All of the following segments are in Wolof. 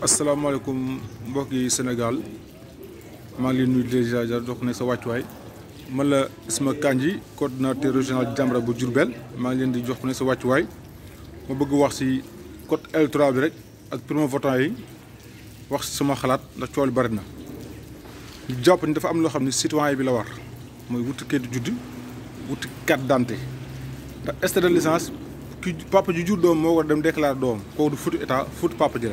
السلام عليكم بوكي سنغال مالي نوي ديجا جار دوخ نيسا واتش واي مالا اسما كانجي كوردناتور ريجونال جامرا بو جوربل مالي لين دي جوخ نيسا واتش واي ما بوغ واخ سي كوت ال 3 بي رك اك بريمو فوتان يي واخ سما خلات دا تول بارنا جاب ني دا فا ام لو خامني سيتوان يي بي لا وار موي ووت كي جودي ووت كات دانتي دا استر ليسانس كي بابا جي جودوم مو وار ديكلار دوم كو دو فوتو ايتا فوتو بابا جي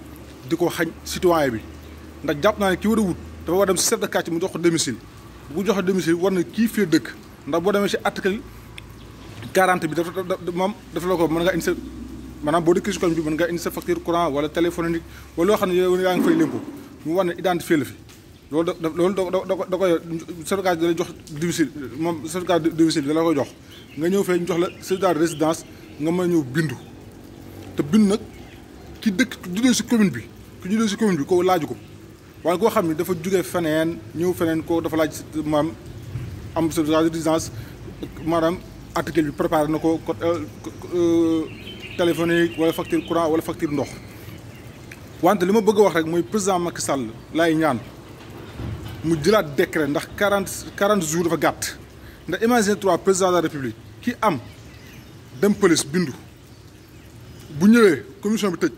di ko xañ citoyen bi ndax jàpp naa ne ki war a wut dafa war dem set de quartier mu jox ko domicile bu joxe domicile war na kii fii dëkk ndax boo demee ci article quarante bi dafa moom dafa la ko mën nga indi sa maanaam boo dëkkee si koñ bi nga indi sa facture courant wala téléphonique wala loo xam ne yow yaa ngi fay lénko mu war ne identifié la fi loolu da loolu da da da koy certificat da lay jox domicile moom certificat domicile da la koy jox nga ñëw fee ñu jox la certificat de résidence nga mën a ñëw bindu te bindu nag ki dëkk juddoo si commune bi ku juddoo si commune bi kooku laaju ko waaye koo xam dafa jugee feneen ñëw feneen ko dafa laaj maam am sa résidence maanaam article bi préparé nako ko euh, euh, téléphonique wala facture courant wala facture ndox wante lima bëgg wax rek moy président Macky Sall lay ñaan mu jëlaat décret ndax 40 40 jours dafa gàtt nda imagine trois président de la république ki am dem police bindu bu ñëwé commission bi tëj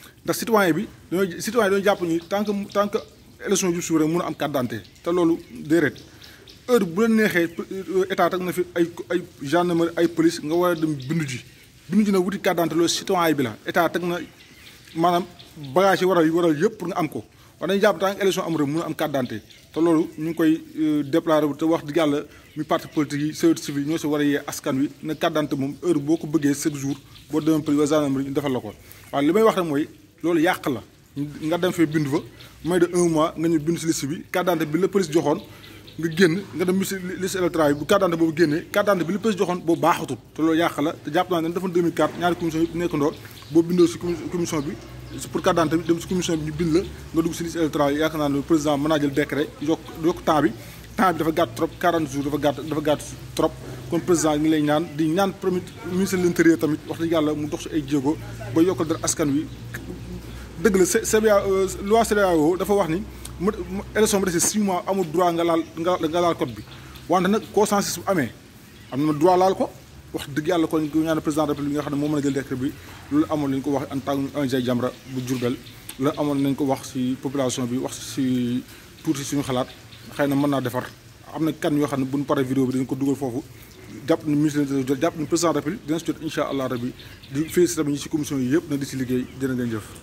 ndax citoyen bi dañoo citoyen dañoo jàpp ni tant que tant que élection jub si rek am carte d'identité te loolu déedéet heure bu la neexee euh, état teg na fi ay ay gendarmerie ay police nga war dem bindu ji bindu ji na wuti carte d'identité loolu citoyen bi la état teg na manam bagage yi waral waral yëpp pour nga am ko wax dañu japp tant que élection am rek mën am carte d'identité te loolu ñu ngi koy euh, déploré te wax di yalla mi parti politique yi société civile ñoo ci war a askan wi na carte d'identité moom heure boko ko bëggee chaque jour boo demee police gendarmerie ñu defal la ko waaw li wax rek moy loolu yàq la nga dem fee bind fa may de un mois nga ñu bind si liste bi carte bi la police joxoon nga génn nga dem si liste électorale bu carte d'identité boobu génnee carte bi la police joxoon boobu baaxatul te loolu yàq la te jàpp naa ne dafa 2004 ñaari commission yëpp nekkandoo boo bindoo si commission bi pour carte d'identité bi dem si commission bi ñu bind la nga dugg si liste électorale yaakaar naa ne le président mën naa jël décret yokk yokk temps bi temps bi dafa gàtt trop 40 jours dafa gàtt dafa gàtt trop kon président ngi lay ñaan di wi dëgg la CEDEAO euh, loi CEDEAO dafa wax ni mu élection bi desee six mois amul droit nga laal nga nga laal code bi wante nag amee na droit laal ko wax dëgg yàlla kon ñu ñaan président nga xam ne moo mën a jël décret ko wax en tant que un Ndiaye Jamra bu Diourbel la amoon nañ ko wax ci population bi wax ci tuuti suñu xalaat xëy na mën naa defar am na kan yoo xam ne buñ paree vidéo bi dañ ko dugal foofu jàpp ni ministre dina jot jàpp ni président de la république dina allah rabi di félicité ñi ci commission yi yëpp nag di ci liggéey jërë ngeen jëf